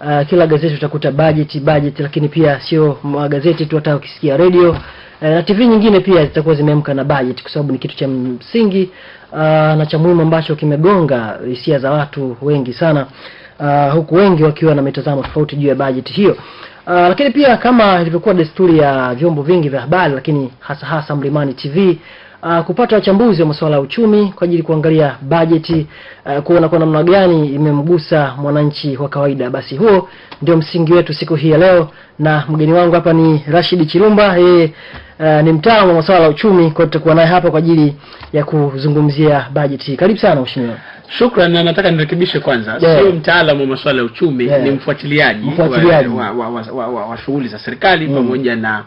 uh, kila gazeti utakuta budget budget, lakini pia sio magazeti tu, hata ukisikia radio uh, na TV nyingine pia zitakuwa zimeamka na budget, kwa sababu ni kitu cha msingi uh, na cha muhimu ambacho kimegonga hisia za watu wengi sana uh, huku wengi wakiwa na mitazamo tofauti juu ya budget hiyo. Uh, lakini pia kama ilivyokuwa desturi ya vyombo vingi vya habari, lakini hasa hasa Mlimani TV uh, kupata wachambuzi wa masuala ya uchumi kwa ajili kuangalia bajeti uh, ah, kuona kwa namna gani imemgusa mwananchi wa kawaida. Basi huo ndio msingi wetu siku hii ya leo, na mgeni wangu hapa ni Rashid Chilumba, yeye uh, ni mtaalamu wa masuala ya uchumi, kwa tutakuwa naye hapa kwa ajili ya kuzungumzia bajeti. Karibu sana mheshimiwa. Shukrani, na nataka nirekebishe kwanza, yeah. Sio mtaalamu wa masuala ya uchumi yeah. Ni eh. mfuatiliaji, wa, wa, wa, wa, wa, wa, wa shughuli za serikali mm. pamoja na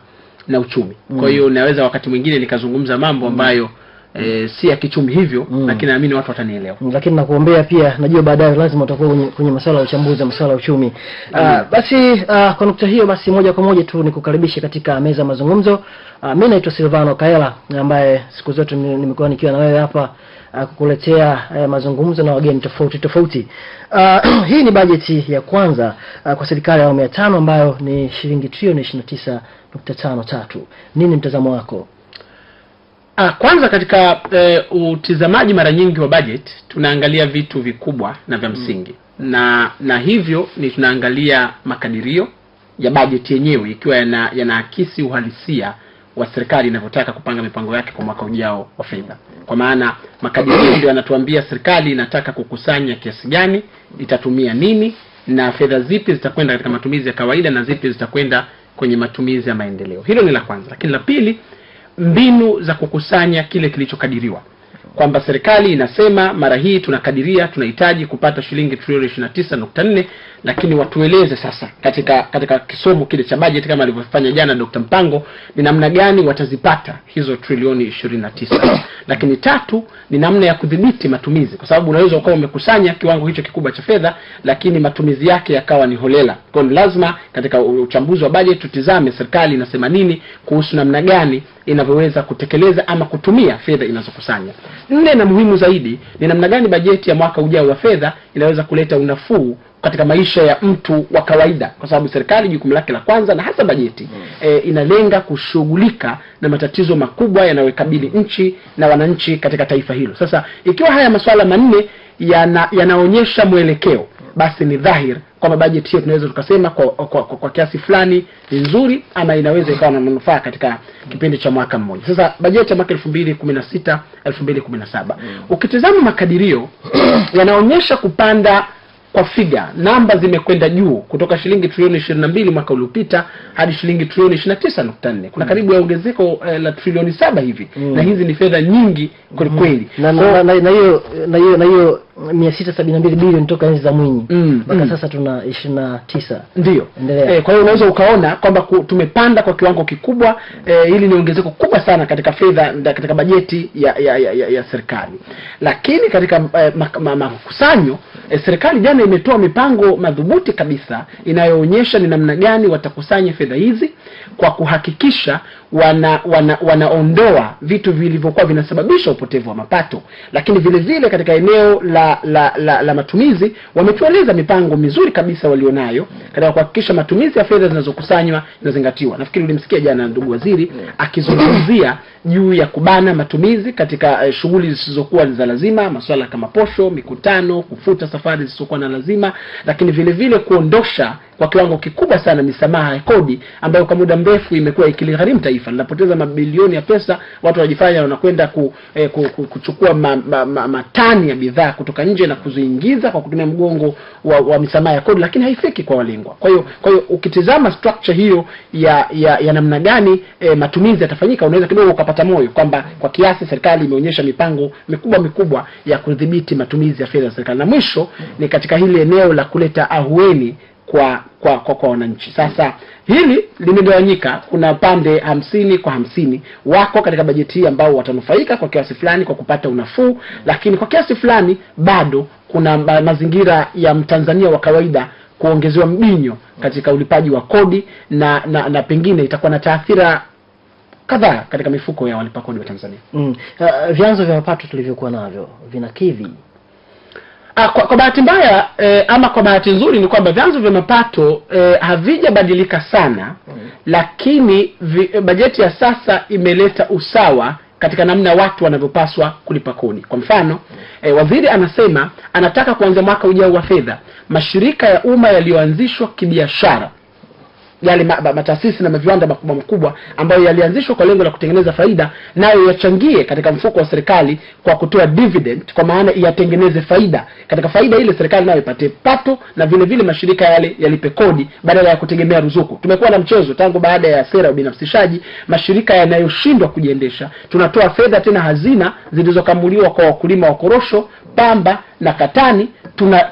na uchumi mm. Kwa hiyo naweza wakati mwingine nikazungumza mambo mm. ambayo eh, mm. E, si ya kichumi hivyo mm. Lakini naamini watu watanielewa mm. Lakini nakuombea pia, najua baadaye lazima utakuwa kwenye, kwenye masuala ya uchambuzi wa masuala ya uchumi mm. Aa, ah, basi uh, kwa nukta hiyo basi moja kwa moja tu nikukaribishe katika meza mazungumzo uh, Mimi naitwa Silvano Kaela ambaye siku zote nimekuwa nikiwa na wewe hapa uh, kukuletea uh, mazungumzo na wageni tofauti tofauti. Uh, hii ni bajeti ya kwanza uh, kwa serikali ya awamu ya tano ambayo ni shilingi trilioni ishirini na tisa nukta tano tatu. Nini mtazamo wako? Ah, kwanza katika e, utizamaji mara nyingi wa budget tunaangalia vitu vikubwa na vya mm. msingi mm. na na hivyo ni tunaangalia makadirio ya budget yenyewe ikiwa yanaakisi yana uhalisia wa serikali inavyotaka kupanga mipango yake kwa mwaka ujao wa fedha. Kwa maana makadirio ndio yanatuambia serikali inataka kukusanya kiasi gani, itatumia nini, na fedha zipi zitakwenda katika matumizi ya kawaida na zipi zitakwenda kwenye matumizi ya maendeleo. Hilo ni la kwanza, lakini la pili, mbinu za kukusanya kile kilichokadiriwa kwamba serikali inasema mara hii tunakadiria tunahitaji kupata shilingi trilioni 29.4, lakini watueleze sasa katika katika kisomo kile cha bajeti kama alivyofanya jana Dr. Mpango ni namna gani watazipata hizo trilioni 29. Lakini tatu ni namna ya kudhibiti matumizi, kwa sababu unaweza ukawa umekusanya kiwango hicho kikubwa cha fedha, lakini matumizi yake yakawa ni holela. Kwa hiyo lazima katika uchambuzi wa bajeti tutizame serikali inasema nini kuhusu namna gani inavyoweza kutekeleza ama kutumia fedha inazokusanya. Nne na muhimu zaidi ni namna gani bajeti ya mwaka ujao wa fedha inaweza kuleta unafuu katika maisha ya mtu wa kawaida, kwa sababu serikali jukumu lake la kwanza na hasa bajeti mm. e, inalenga kushughulika na matatizo makubwa yanayokabili nchi na wananchi katika taifa hilo. Sasa ikiwa haya masuala manne yana, yanaonyesha mwelekeo basi ni dhahir kwamba bajeti hiyo tunaweza tukasema kwa, kwa, kwa, kwa kiasi fulani ni nzuri ama inaweza ikawa na manufaa katika kipindi cha mwaka mmoja. Sasa bajeti ya mwaka 2016 2017 mm. ukitizama makadirio yanaonyesha kupanda kwa figa namba zimekwenda juu kutoka shilingi trilioni ishirini na mbili mwaka uliopita hadi shilingi trilioni ishirini na tisa nukta nne kuna mm. karibu ya ongezeko eh, la trilioni saba hivi mm. na hizi ni fedha nyingi kwelikweli mm-hmm. na hiyo na hiyo na hiyo mia sita sabini na mbili bilioni toka enzi za Mwinyi mm, mpaka mm. sasa tuna ishirini na tisa ndio e, kwa hiyo unaweza ukaona kwamba ku, tumepanda kwa kiwango kikubwa e, hili ni ongezeko kubwa sana katika fedha katika bajeti ya ya, ya, ya, ya serikali lakini katika eh, makusanyo ma, ma, eh, serikali jana maana imetoa mipango madhubuti kabisa inayoonyesha ni namna gani watakusanya fedha hizi kwa kuhakikisha wana, wana, wanaondoa vitu vilivyokuwa vinasababisha upotevu wa mapato, lakini vile vile katika eneo la la, la, la matumizi wametueleza mipango mizuri kabisa walionayo katika kuhakikisha matumizi ya fedha zinazokusanywa zinazingatiwa. Nafikiri ulimsikia jana ndugu waziri akizungumzia juu ya kubana matumizi katika eh, shughuli zisizokuwa za lazima, masuala kama posho, mikutano, kufuta safari zisizokuwa na lazima, lakini vile vile kuondosha kwa kiwango kikubwa sana misamaha ya kodi ambayo kwa muda mrefu imekuwa ikiligharimu taifa taifa linapoteza mabilioni ya pesa. Watu wanajifanya wanakwenda ku, eh, ku, ku, kuchukua matani ma, ma, ma, ya bidhaa kutoka nje na kuziingiza kwa kutumia mgongo wa, wa misamaha ya kodi, lakini haifiki kwa walengwa. Kwa hiyo kwa hiyo ukitizama structure hiyo ya ya, ya namna gani eh, matumizi yatafanyika, unaweza kidogo ukapata moyo kwamba kwa kiasi serikali imeonyesha mipango mikubwa mikubwa ya kudhibiti matumizi ya fedha za serikali. Na mwisho ni katika hili eneo la kuleta ahueni kwa kwa kwa, kwa wananchi. Sasa hili limegawanyika, kuna pande hamsini kwa hamsini. Wako katika bajeti hii ambao watanufaika kwa kiasi fulani kwa kupata unafuu, lakini kwa kiasi fulani bado kuna ma mazingira ya Mtanzania wa kawaida kuongezewa mbinyo katika ulipaji wa kodi na na, na pengine itakuwa na taathira kadhaa katika mifuko ya walipa kodi wa Tanzania. Mm. Uh, vyanzo vya mapato tulivyokuwa navyo vinakidhi Ah, kwa, kwa bahati mbaya eh, ama kwa bahati nzuri ni kwamba vyanzo vya mapato eh, havijabadilika sana mm. Lakini vi, eh, bajeti ya sasa imeleta usawa katika namna watu wanavyopaswa kulipa kodi. Kwa mfano mm. eh, waziri anasema anataka kuanza mwaka ujao wa fedha mashirika ya umma yaliyoanzishwa kibiashara yale mataasisi na maviwanda makubwa makubwa ambayo yalianzishwa kwa lengo la kutengeneza faida, nayo yachangie katika mfuko wa serikali kwa kutoa dividend, kwa maana yatengeneze faida. Katika faida ile serikali nayo ipate pato, na vile vile mashirika yale yalipe kodi badala ya kutegemea ruzuku. Tumekuwa na mchezo tangu baada ya sera ya ubinafsishaji, mashirika yanayoshindwa kujiendesha, tunatoa fedha tena hazina zilizokamuliwa kwa wakulima wa korosho, pamba na katani,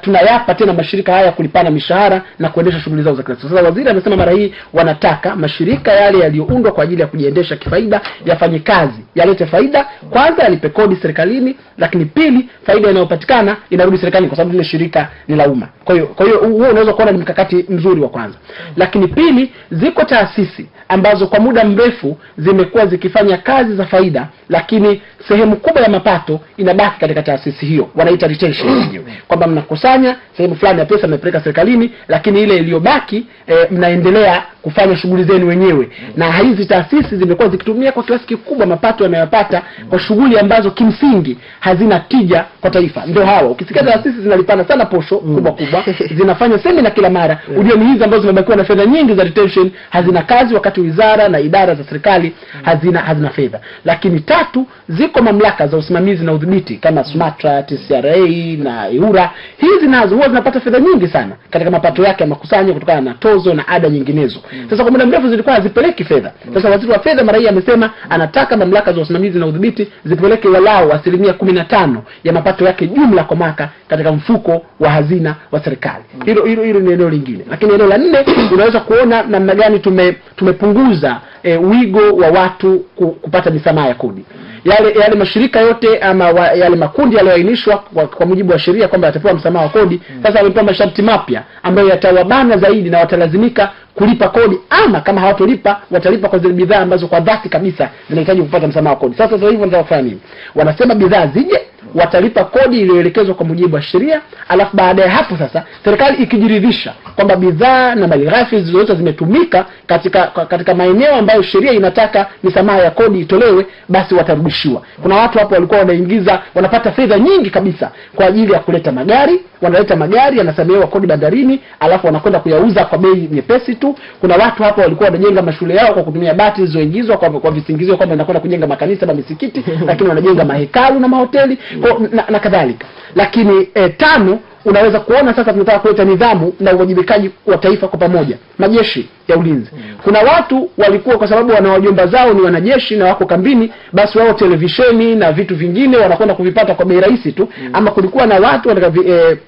tunayapa tuna tena mashirika haya kulipana mishahara na kuendesha shughuli zao za kila siku. Sasa waziri amesema mara hii wanataka mashirika yale yaliyoundwa kwa ajili ya kujiendesha kifaida yafanye kazi, yalete faida. Kwanza yalipe kodi serikalini, lakini pili, faida inayopatikana inarudi serikalini, kwa sababu lile shirika ni la umma. Kwa hiyo kwa hiyo huo unaweza kuona ni mkakati mzuri wa kwanza, lakini pili, ziko taasisi ambazo kwa muda mrefu zimekuwa zikifanya kazi za faida, lakini sehemu kubwa ya mapato inabaki katika taasisi hiyo, wanaita retention mm. wenyewe, kwamba mnakusanya sehemu fulani ya pesa mmepeleka serikalini, lakini ile iliyobaki e, mnaendelea kufanya shughuli zenu wenyewe mm. na hizi taasisi zimekuwa zikitumia kwa kiasi kikubwa mapato yanayopata mm. kwa shughuli ambazo kimsingi hazina tija kwa taifa. Ndio hawa ukisikia mm. taasisi zinalipana sana posho mm. kubwa kubwa zinafanya semina kila mara mm. Ujue ni hizi ambazo zimebakiwa na fedha nyingi za retention, hazina kazi, wakati wizara na idara za serikali mm. hazina hazina fedha. Lakini tatu, ziko mamlaka za usimamizi na udhibiti kama SUMATRA, TCRA na EWURA. Hizi nazo huwa zinapata fedha nyingi sana katika mapato yake ya makusanyo kutokana na tozo na ada nyinginezo. Mm. Sasa kwa muda mrefu zilikuwa hazipeleki fedha. Mm. Sasa waziri wa fedha mara hii amesema anataka mamlaka za usimamizi na udhibiti zipeleke walau asilimia kumi na tano ya mapato yake jumla kwa mwaka katika mfuko wa hazina wa serikali. Mm. Hilo hilo hilo ni eneo lingine. Lakini eneo la nne unaweza kuona namna gani tume tumepunguza e, wigo wa watu ku, kupata misamaha ya kodi. Yale yale mashirika yote ama wa, yale makundi yaliyoainishwa kwa, kwa mujibu wa sheria kwamba yatapewa msamaha wa kodi, sasa wamepewa masharti mapya ambayo yatawabana zaidi na watalazimika kulipa kodi, ama kama hawatolipa watalipa kwa zile bidhaa ambazo kwa dhati kabisa zinahitaji kupata msamaha wa kodi. Sasa sasa hivi wanataka kufanya nini? Wanasema bidhaa zije watalipa kodi iliyoelekezwa kwa mujibu wa sheria. Alafu baada ya hapo sasa, serikali ikijiridhisha kwamba bidhaa na mali ghafi zozote zimetumika katika katika maeneo ambayo sheria inataka misamaha ya kodi itolewe, basi watarudishiwa. Kuna watu hapo walikuwa wanaingiza wanapata fedha nyingi kabisa kwa ajili ya kuleta magari, wanaleta magari yanasamehewa kodi bandarini, alafu wanakwenda kuyauza kwa bei nyepesi tu. Kuna watu hapo walikuwa wanajenga mashule yao kwa kutumia bati zilizoingizwa kwa, kwa visingizio kwamba inakwenda kujenga makanisa na misikiti, lakini wanajenga mahekalu na mahoteli na, na kadhalika. Lakini e, tano unaweza kuona sasa tunataka kuleta nidhamu na uwajibikaji wa taifa kwa pamoja, majeshi ya ulinzi. Hmm. Kuna watu walikuwa kwa sababu wana wajomba zao ni wanajeshi na wako kambini, basi wao televisheni na vitu vingine wanakwenda kuvipata kwa bei rahisi tu, hmm. ama kulikuwa na watu wanaka, eh,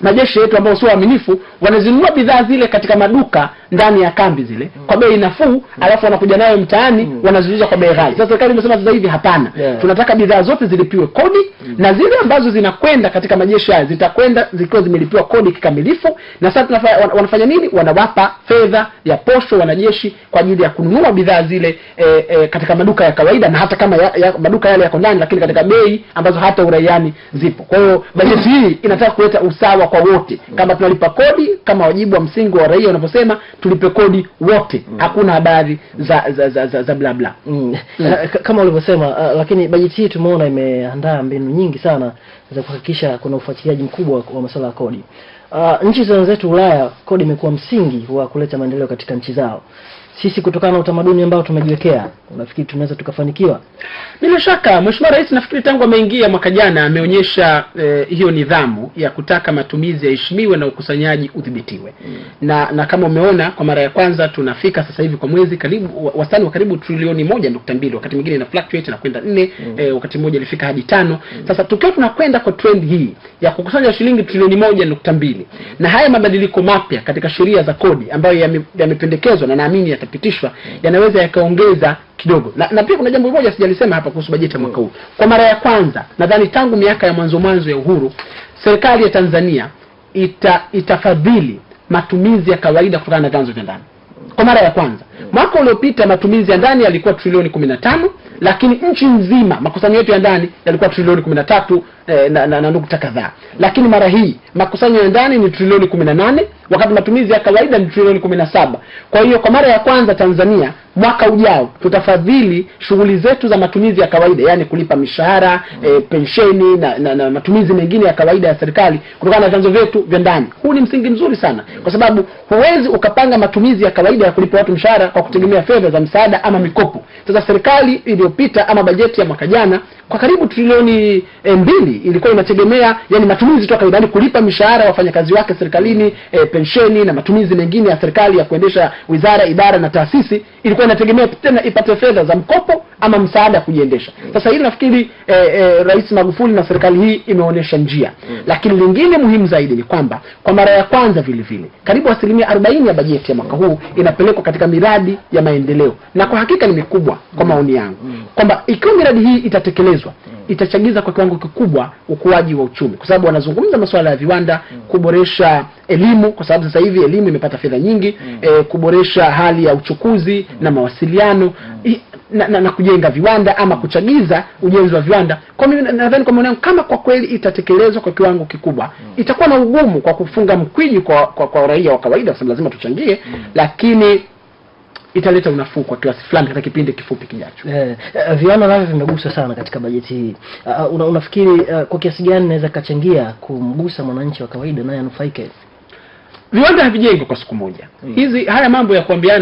majeshi yetu ambao sio waaminifu wanazinunua bidhaa zile katika maduka ndani ya kambi zile mm. kwa bei nafuu, mm. alafu wanakuja nayo mtaani mm. wanaziuza kwa bei ghali. Sasa serikali imesema sasa hivi hapana, tunataka bidhaa zote zilipiwe kodi na zile ambazo zinakwenda katika majeshi haya zitakwenda zikiwa zimelipiwa kodi kikamilifu. Na sasa wanafanya nini? Wanawapa fedha ya posho wanajeshi kwa ajili ya kununua bidhaa zile e, e, katika maduka ya kawaida, na hata kama ya, ya, maduka yale yako ndani, lakini katika bei ambazo hata uraiani zipo. Kwa hiyo bajeti hii inataka kuleta usawa kwa wote, kama tunalipa kodi kama wajibu wa msingi wa raia wanavyosema tulipe kodi wote, mm. hakuna habari mm. za za za, za, za bla bla. Mm. mm. Eh, kama ulivyosema, uh, lakini bajeti hii tumeona imeandaa mbinu nyingi sana za kuhakikisha kuna ufuatiliaji mkubwa wa masuala ya kodi. Uh, nchi za wenzetu Ulaya, kodi imekuwa msingi wa kuleta maendeleo katika nchi zao sisi kutokana na utamaduni ambao tumejiwekea, unafikiri tunaweza tukafanikiwa? Bila shaka, Mheshimiwa Rais nafikiri tangu ameingia mwaka jana ameonyesha eh, hiyo nidhamu ya kutaka matumizi yaheshimiwe na ukusanyaji udhibitiwe mm. na na kama umeona kwa mara ya kwanza tunafika sasa hivi kwa mwezi karibu wastani wa karibu trilioni moja nukta mbili wakati mwingine ina fluctuate na kwenda nne mm. eh, wakati mmoja ilifika hadi tano mm. Sasa tukiwa tunakwenda kwa trend hii ya kukusanya shilingi trilioni moja nukta mbili na haya mabadiliko mapya katika sheria za kodi ambayo yamependekezwa yame na naamini yakipitishwa yanaweza yakaongeza kidogo na, na pia kuna jambo moja sijalisema hapa kuhusu bajeti ya mwaka huu. Kwa mara ya kwanza nadhani tangu miaka ya mwanzo mwanzo ya uhuru, serikali ya Tanzania ita, itafadhili matumizi ya kawaida kutokana na vyanzo vya ndani kwa mara ya kwanza. Mwaka uliopita matumizi ya ndani yalikuwa trilioni 15, lakini nchi nzima makusanyo yetu ya ndani yalikuwa trilioni 13 Eh, na, na, na nukta kadhaa, lakini mara hii makusanyo ya ndani ni trilioni 18 wakati matumizi ya kawaida ni trilioni 17. Kwa hiyo kwa mara ya kwanza Tanzania mwaka ujao tutafadhili shughuli zetu za matumizi ya kawaida, yaani kulipa mishahara e, pensheni na, na, na matumizi mengine ya kawaida ya serikali kutokana na vyanzo vyetu vya ndani. Huu ni msingi mzuri sana, kwa sababu huwezi ukapanga matumizi ya kawaida ya kulipa watu mshahara kwa kutegemea fedha za msaada ama mikopo. Sasa serikali iliyopita ama bajeti ya mwaka jana kwa karibu trilioni eh, mbili ilikuwa inategemea yani matumizi toka idadi kulipa mishahara ya wafanyakazi wake serikalini, e, pensheni na matumizi mengine ya serikali ya kuendesha wizara, idara na taasisi, ilikuwa inategemea tena ipate fedha za mkopo ama msaada kujiendesha. Mm. Sasa hili nafikiri e, e, Rais Magufuli na serikali hii imeonyesha njia mm. Lakini lingine muhimu zaidi ni kwamba kwa mara ya kwanza vile vile karibu asilimia ya bajeti ya mwaka huu inapelekwa katika miradi ya maendeleo, na kwa hakika ni mikubwa kwa mm. maoni yangu kwamba ikiwa miradi hii itatekelezwa itachagiza kwa kiwango kikubwa ukuaji wa uchumi, kwa sababu wanazungumza masuala ya viwanda, mm. kuboresha elimu, kwa sababu sasa hivi elimu imepata fedha nyingi mm. E, kuboresha hali ya uchukuzi mm. na mawasiliano mm. I, na, na, na kujenga viwanda ama mm. kuchagiza ujenzi wa viwanda. Kwa mimi nadhani kwa maana kama kwa kweli itatekelezwa kwa kiwango kikubwa mm. itakuwa na ugumu kwa kufunga mkwiji kwa, kwa, kwa raia wa kawaida, kwa sababu lazima tuchangie mm. lakini italeta unafuu kwa kiasi fulani katika kipindi kifupi kijacho. Eh, eh viwanda navyo vimeguswa sana katika bajeti hii. Uh, una, unafikiri uh, kwa kiasi gani inaweza kachangia kumgusa mwananchi wa kawaida naye anufaike? Viwanda havijengwi kwa siku moja. Hmm. Hizi haya mambo ya kuambiana